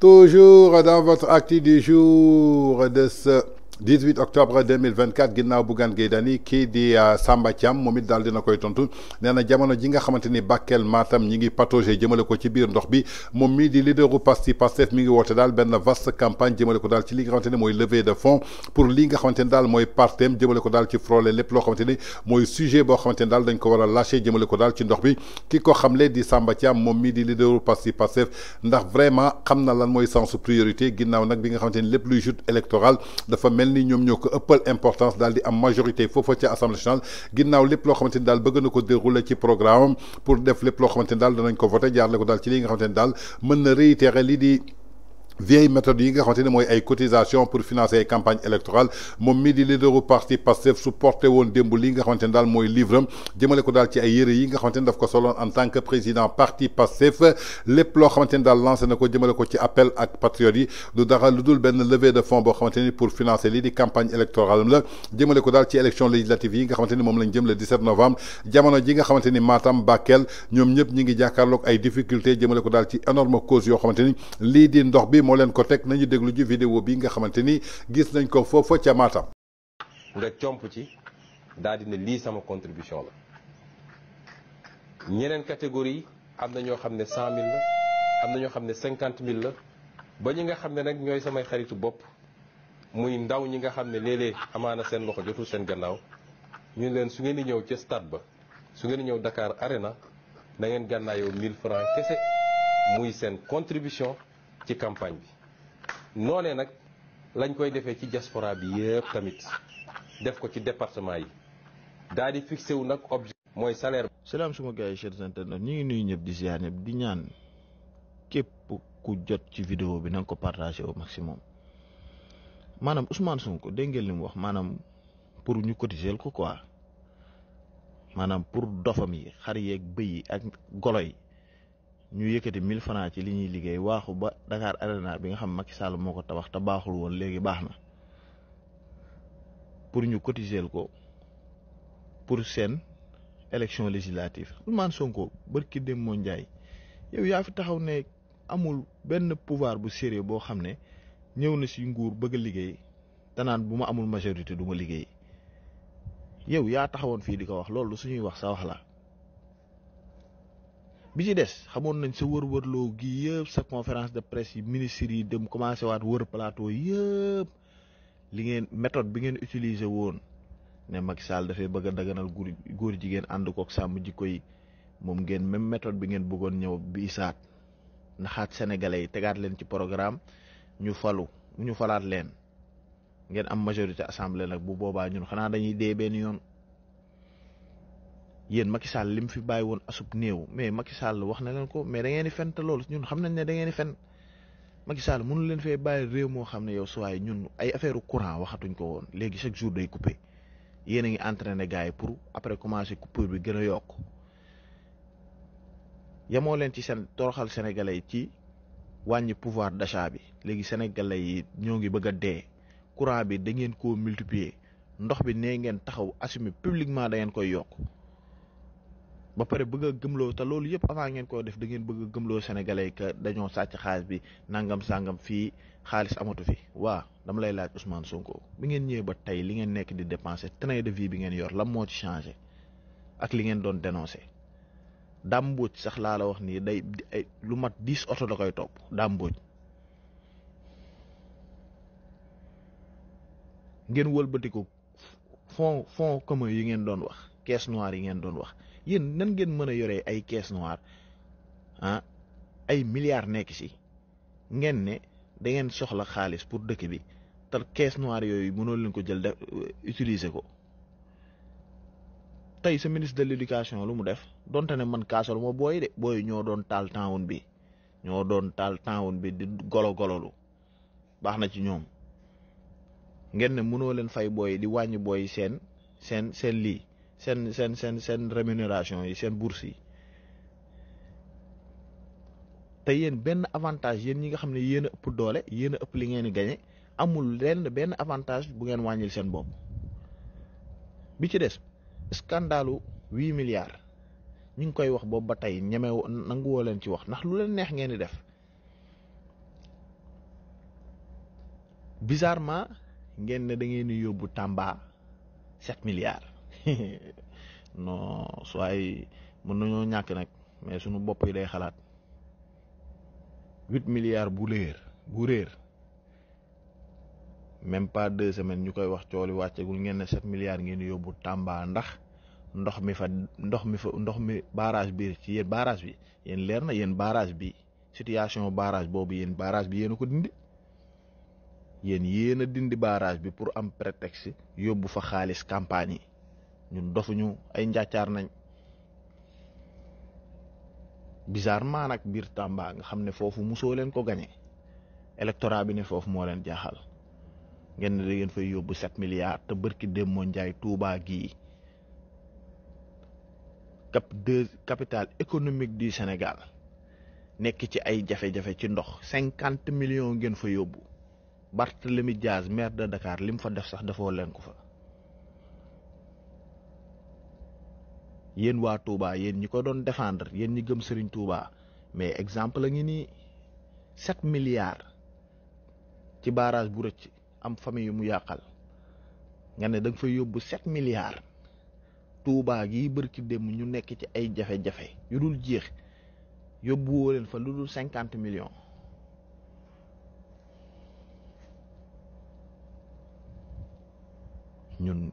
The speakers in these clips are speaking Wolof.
Toujours dans votre acte du jour de ce 18 octobre 2024 ginnaw Bougane Gueye Dany kii di euh, Samba Thiam moom it daal dina koy tontu neena jamono ji nga xamanteni Bakel Matam ñi ngi patauger jëmele ko ci biir ndox bi mom mi di leaderu Pastef Pastef mi ngi dal ben vaste campagne jëmele ko dal ci li nga xamanteni moy levée de fonds pour li nga xamanteni dal moy partem jëmale ko dal ci frolé lepp lo xamanteni moy sujet bo xamanteni dal, dañ ko wara a lâché jëmale ko dal ci ndox bi ki ko xamle di Samba Thiam mom mi di leaderu parti ndax vraiment xamna lan moy sensu priorité ginnaw nak bi nga xamanteni lepp luy joute électoral dafa mel ni ñom ñoko ëppal importance daal di am majorité fofu ci assemblée nationale ginnaw lepp lo xamanteni dal daal bëgg na dérouler ci programme pour def lepp lo xamanteni dal dañ danañ ko voter jaar la ko daal ci li nga xamanteni dal mëna mën na réitérer lii di vieille méthode yi nga xamanteni moy ay cotisation pour financer ay campagne électorale mom mii di leaderu parti passef supporté won woon li nga xamanteni dal moy mooy livre am ko dal ci ay yére yi nga xamanteni daf ko solo en tant que président parti passef lepp lo xamanteni dal daal lancé na ko ko ci appel ak patriotes yi du dara lu ben levée de fonds bo xamanteni pour financer li di campagne électorale la jëmele ko dal ci élection législative yi nga xamanteni mom lañu jëm le 17 novembre jamono ji nga xamanteni Matam Bakel ñom ñëpp ñi ngi jàkkaarloog ay difficultés jëmele ko dal ci énorme cause yo xamanteni li di ndox bi moo leen ko teg nañu déglu ji vidéo bi nga xamante ni gis nañ ko foofa ca Matam. nga comp ci daal di ne lii sama contribution la ñeneen catégorie am na ñoo xam ne cent mille la am na ñoo xam ne cinquante mille la ba ñi nga xam ne nag ñooy samay xaritu bopp muy ndaw ñi nga xam ne léeg-léeg amaana seen loxo jotul seen gannaaw ñu leen su ngeen di ñëw ca stade ba su ngeen ñëw Dakar Arena na ngeen gànnaayoo mille francs kese muy seen contribution. ci campagne bi noonee nag lañ koy defee ci diaspora bi yëpp tamit def ko ci département yi daal di fixé wu nag objet mooy salaire salaam suma gars yi chers internautes ñu ngi nuyu ñëpp di ziar ñëpp di ñaan képp ku jot ci vidéo bi na ko partagé au maximum maanaam Ousmane Sonko dégg ngeen wax maanaam pour ñu cotiser ko quoi maanaam pour dofam yi xar yeeg bëy ak golo ñu yëkkati mille francs ci li ñuy liggéey waaxu ba Dakar Arena bi nga xam Macky Sall moo ko tabax te baaxul woon léegi baax na pour ñu cotiser ko pour seen élection législative Ousmane Sonko barki dem moo njaay yow yaa fi taxaw ne amul benn pouvoir bu sérieux boo xam ne ñëw na si nguur bëgg liggéey te naan bu ma amul majorité du ma liggéey yow yaa taxawoon fii di ko wax loolu su ñuy wax sa wax la bi ci dess xamone nañ sa wër lo gi yëpp sa conférence de presse yi yi dem commencé wat wër plateau yëpp li ngeen méthode bi ngeen utiliser won né Macky Sall dafay bëgg a daganal goor jigen and ko ak sam jikko yi mom ngeen même méthode bi ngeen bëggon ñëw bi isaat naxaat sénégalais yi tégaat leen ci programme ñu falu ñu falaat leen ngeen am majorité assemblée nak bu boba ñun xana dañuy dé ben yoon Yen Macky Sall lim fi bàyyi woon asub néew mais Macky Sall wax na ko mais da ngeen di fen te loolu ñun xam nañ ne da ngeen fen Macky Sall mënu leen fee bàyyi réew moo xam yow suwaay ñun ay affaire courant waxatuñ ko won léegi chaque jour day coupé yéen a ngi entraîné gars yi pour après commencé coupure bi gën a yokk yamoo ci seen toroxal sénégalais ci wàññi pouvoir d'achat bi sénégalais yi bëgg courant bi da ngeen multiplier ndox bi ngeen taxaw assumer publiquement da ngeen koy ba pare bëgg gëmloo te loolu yëpp avant ngeen koo def da ngeen bëgg gëmloo sénégalais que dañoo sàcc xaalis bi nangam sàngam fii xaalis amatu fi waa dama lay laaj Ousmane Sonko bi ngeen ñëwee ba tey li ngeen nekk di dépensé train de vie bi ngeen yor lan moo ci changé ak li ngeen doon dénoncé dàmbooj sax laa la wax nii day ay lu mat dix oto da koy topp dàmbooj ngeen wëlbatiku fond fond comme yi ngeen doon wax caisse noire yi ngeen doon wax. yéen nan ngeen mën a yoree ay caisse noir ah ay milliards nekk ci ngeen ne da ngeen soxla xaalis pour dëkk bi te caisse noire yooyu mënoo leen ko jël def euh, utiliser ko tey sa ministre de l'éducation lu mu def donte ne man kaasal ma booy de booy ñoo doon taal taawun bi ñoo doon taal taawun bi di golo gololu baax na ci ñoom ngeen ne mënoo leen fay booy di wàññi booy seen seen seen lii. sen sen sen sen rémunération yi sen bourse yi te yeen ben avantage yeen ñi nga xam yeen ëpp doole yeen ëpp li ngeen gagné amul lenn ben avantage bu ngeen wañil sen bop bi ci dess scandalu 8 milliards ñu ngi koy wax bop ba ñame ñeme nanguwoo leen ci wax ndax lu neex ngeen def bizarrement ngeen ne da ngeen Tamba 7 milliards non soit mën nañoo ñàkk nag mais suñu bopp yi day xalaat huit milliards bu léer bu réer même pas deux semaines ñu koy wax cooli wàccegul ngeen ne sept milliards ngeen yóbbu Tamba ndax ndox mi fa ndox mi fa ndox mi barage bi ci yéen barrage bi yéen leer na yéen barage bi situation barage boobu yéen barrage bi yéen ko dindi yéen yéen a dindi barage bi pour am prétexte yóbbu fa xaalis campagne yi ñun dofuñu ay njàccaar nañ bizarrement nag biir Tamba nga xam ne foofu musoo leen ko gañe électorat bi ne foofu moo leen jaaxal ngeen da ngeen fay yóbbu sept milliards te bërki Demba Ndiaye Touba gii cap de économique du Sénégal nekk ci ay jafe-jafe ci ndox cinquante million ngeen fa yóbbu Barthélemy Diaz maire de Dakar li mu fa def sax defoo leen ko fa. yéen waa Touba yéen ñi ko doon défendre yéen ñi gëm Serigne Touba mais exemple la ngi nii sept milliards ci barrage bu rëcc am famille yu mu yàqal nga ne da fay yóbbu sept milliards Touba gi bërki démb ñu nekk ci ay jafe-jafe yu dul jeex yóbbu leen fa lu dul cinquante millions ñun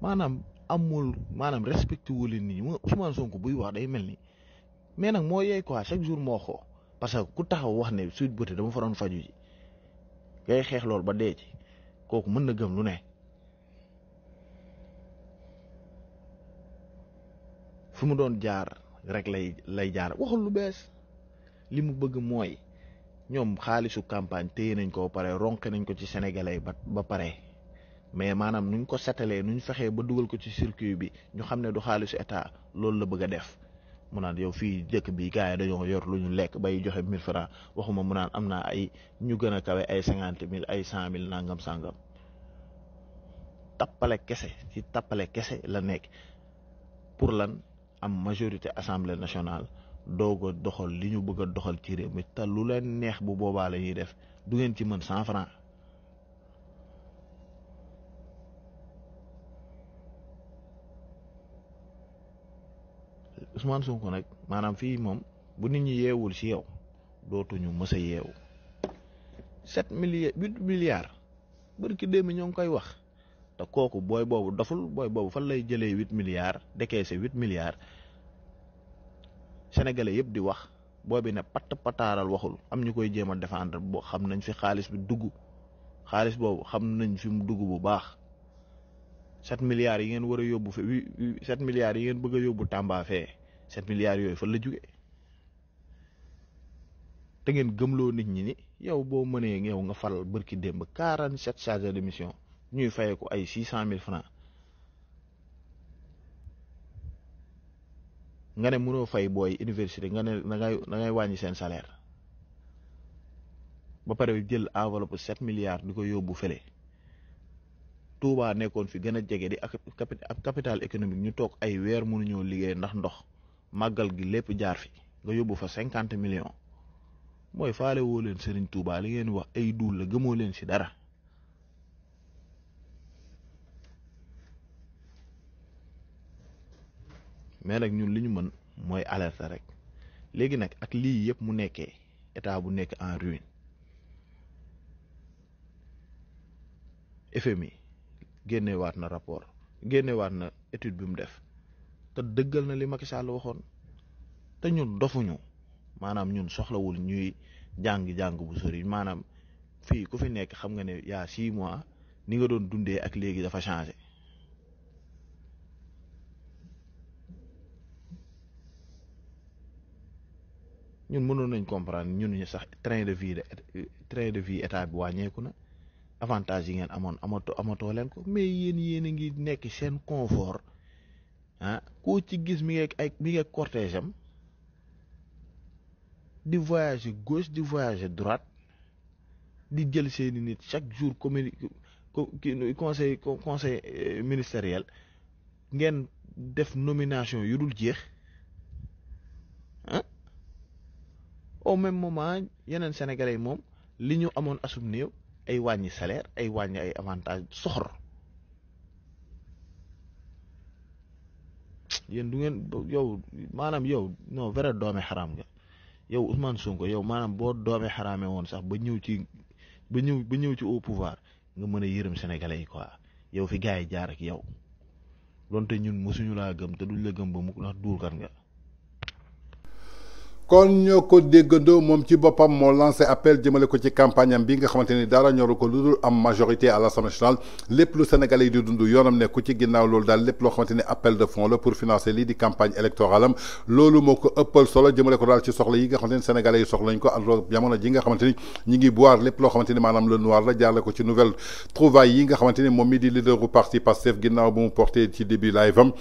maanaam. amul maanaam respecté wu leen nit ñi Ousmane Sonko buy wax day mel ni mais nag moo yey quoi chaque jour moo xoo parce que ku taxaw wax ne Sweet Beauté dama fa doon faju ji xeex loolu ba dee kooku mën na gëm lu ne. fu mu doon jaar rek lay lay jaar waxul lu bees li mu bëgg mooy ñoom xaalisu campagne téye nañ ko ba pare ronke nañ ko ci sénégalais ba ba pare. mais maanaam nuñ ko setalee nuñ fexee ba dugal ko ci circuit bi ñu xam ne du xaalisu état loolu la bëgg a def mu naan yow fii dëkk bi gars yi dañoo yor lu ñu lekk bay joxe 1000 francs waxuma mu naan am naa ay ñu gën a kawe ay cinquante mille ay cent mille nangam sangam tappale kese ci tappale kese la nekk pour lan am majorité assemblée nationale doog a doxal li ñu bëgg a doxal ci réew mi te lu leen neex bu boobaa la ñuy def du ngeen ci mën cent francs Ousmane Sonko nag maanaam fii moom bu nit ñi yeewul si yow dootuñu mës a yeewu sept milliards huit milliards bërki démb ñoo ngi koy wax te kooku booy boobu doful booy boobu fan lay jëlee huit milliards se huit milliards senegale yëpp di wax booy bi ne patt pataaral waxul am ñu koy jéem a défendre boo xam nañ fi xaalis bi dugg xaalis boobu xam nañ fi mu dugg bu baax sept milliards yi ngeen war a yóbbu fe set milliards yi ngeen bëgg a yóbbu Tamba fee 7 milliards yoy fa la jóge té ngeen gëm lo nit ñi ni yow bo mënee ngeew nga fal barki demb 47 chargeurs de mission ñuy fayé ko ay 600000 francs nga né mëno fay boy université nga né da ngay da ngay wañi sen salaire ba pare jël enveloppe 7 milliards diko yobbu félé Touba nekkoon fi gëna a di ak capital économique ñu tok ay wër mënu ñoo liggéey ndax ndox màggal gi lépp jaar fi nga yóbbu fa cinquante million mooy faale woo leen sëriñ Touba li ngeen wax ay duul la gëmoo leen ci dara mais nag ñun li ñu mën mooy alerte rek léegi nag ak lii yëpp mu nekkee état bu nekk en ruine FMI génnewaat na rapport génnewaat na étude bi mu def te dëggal na li Macky Sall waxoon te ñun dofuñu maanaam ñun soxlawul ñuy jàngi jàng bu sori maanaam fii ku fi nekk xam nga ne yaa six mois ni nga doon dundee ak léegi dafa changé ñun mënoon nañ comprendre ñun ñu sax train de vie train de vie état bi wàññeeku na avantage yi ngeen amoon amato amatoo leen ko mais yéen yéen a ngi nekk seen confort ah hein? koo ci gis mi ngeeg ay mi ngeeg cortège am di voyager gauche di voyager droite di jël seeni nit chaque jour communi conseil conseil euh, ministériel ngeen def nomination yu dul jeex hein? au même moment yeneen sénégalais yi moom li ñu amoon asum néew ay wàññi salaire ay wàññi ay avantages soxor yéen du ngeen yow maanaam yow non vrai doome xaraam nga yow Ousmane Sonko yow maanaam boo doome xaraame woon sax ba ñëw ci ba ñëw ba ñëw ci au pouvoir nga mën a yërëm sénégalais yi quoi yow fi gars yi jaar ak yow donte ñun mosuñu laa gëm te duñ la gëm ba mukk ndax duurkat nga kon ñoo ko ci papa lance lancé appel jëmale ko ci campagne bi nga dara majorité à l'Assemblée nationale Les plus Sénégalais du di yoonam ci daal appel de fonds pour financer les campagnes campagne électorale am loolu solo j'ai ko daal ci Sénégalais yi alors ji nga ñi ngi boire plus le noir la nouvelle trouvaille yi nga mon mi parti porté début live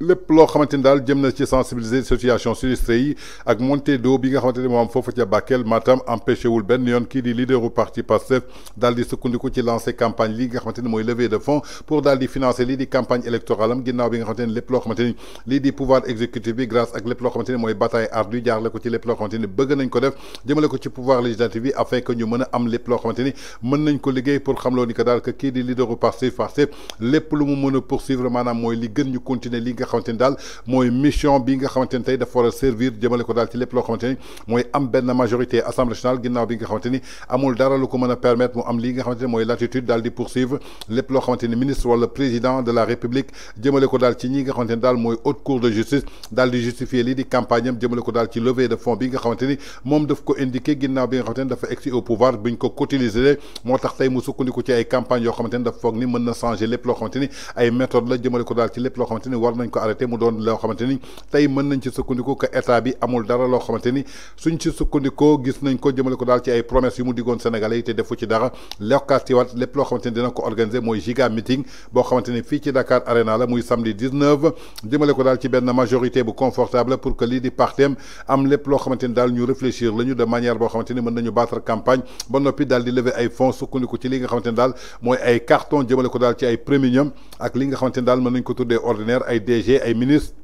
lepp loo xamante ni daal jëm na ci sensibiliser situation sinistré yi ak montée d'eau bi nga xamante ni moo am foofu ca Bakel Matam empêché wul benn yoon kii di leaderu parti Pastef daal di sukkandiku ci lancer campagne lii nga xamante ni mooy levée de fonds pour daal di financer lii di campagne électorale am ginnaaw bi nga xamante ni lépp loo xamante ni lii di pouvoir exécutif bi grâce ak lépp loo xamante ni mooy bataille ardu jaarle ko ci lépp loo xamante ni bëgg nañ ko def jëmale ko ci pouvoir législatif bi afin que ñu mën a am lépp loo xamante ni mën nañ ko liggéey pour xamloo ni que daal que kii di leaderu parti Pastef lépp lu mu mën a poursuivre maanaam mooy li gën ñu continuer li nga xamante dal daal mooy mission bi nga xamanteni ni tey dafa war a servir jëmale ko dal ci lépp loo xamante ni mooy am benn majorité assemblée nationale ginnaaw bi nga xamante ni amul dara lu ko mën a permettre mu am li nga xamante ni mooy latitude dal di poursuivre lépp loo xamante ni ministre wala président de la république jëmale ko dal ci ñi nga xamante ni daal mooy haute cour de justice dal di justifier lii di campagne am jëmale ko dal ci levée de fonds bi nga xamante ni moom daf ko indiqué ginnaaw bi nga xamante ni dafa egsi au pouvoir buñ ko cotilisé moo tax tey mu sukkandiku ci ay campagne yoo xamante ni dafa foog ni mën na changer lépp loo xamante ni ay méthode la jëmale ko dal ci lépp loo xamante ni war nañ ko arrêté mu doon loo xamante ni tey mën nañ ci sukkandiku que état bi amul dara loo xamante ni suñ ci sukkandikoo gis nañ ko jëmale ko daal ci ay promesses yu mu diggoon Sénégalais yi te defu ci dara lekkaatiwaat lépp loo xamante ni dina ko organiser mooy giga meeting boo xamante ni fii ci Dakar Arena la muy samedi 19 jëmale ko daal ci benn majorité bu confortable pour que lii di partem am lépp loo xamante ni daal ñu réfléchir lañu de manière boo xamante ni mën nañu battre campagne ba noppi daal di lever ay fonds sukkandiku ci li nga xamante ni daal mooy ay carton jëmale ko daal ci ay premium ak li nga xamante ni daal mën nañ ko tuddee ordinaire ay DG DG ay ministre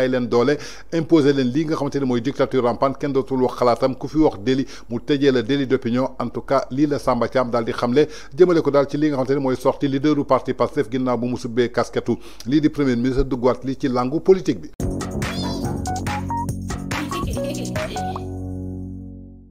jaay dolé imposer les lignes nga xamante moy dictature rampante qu'un dootul wax xalaatam ku fi wax délit mu tëjee la délit d'opinion en tout cas li la Samba Thiam daal di xamle jëmale ko dal ci li nga xamante moy mooy sorti leaderu parti Pastef ginnaw bu mu casquette li di premier ministre guat li ci langue politique bi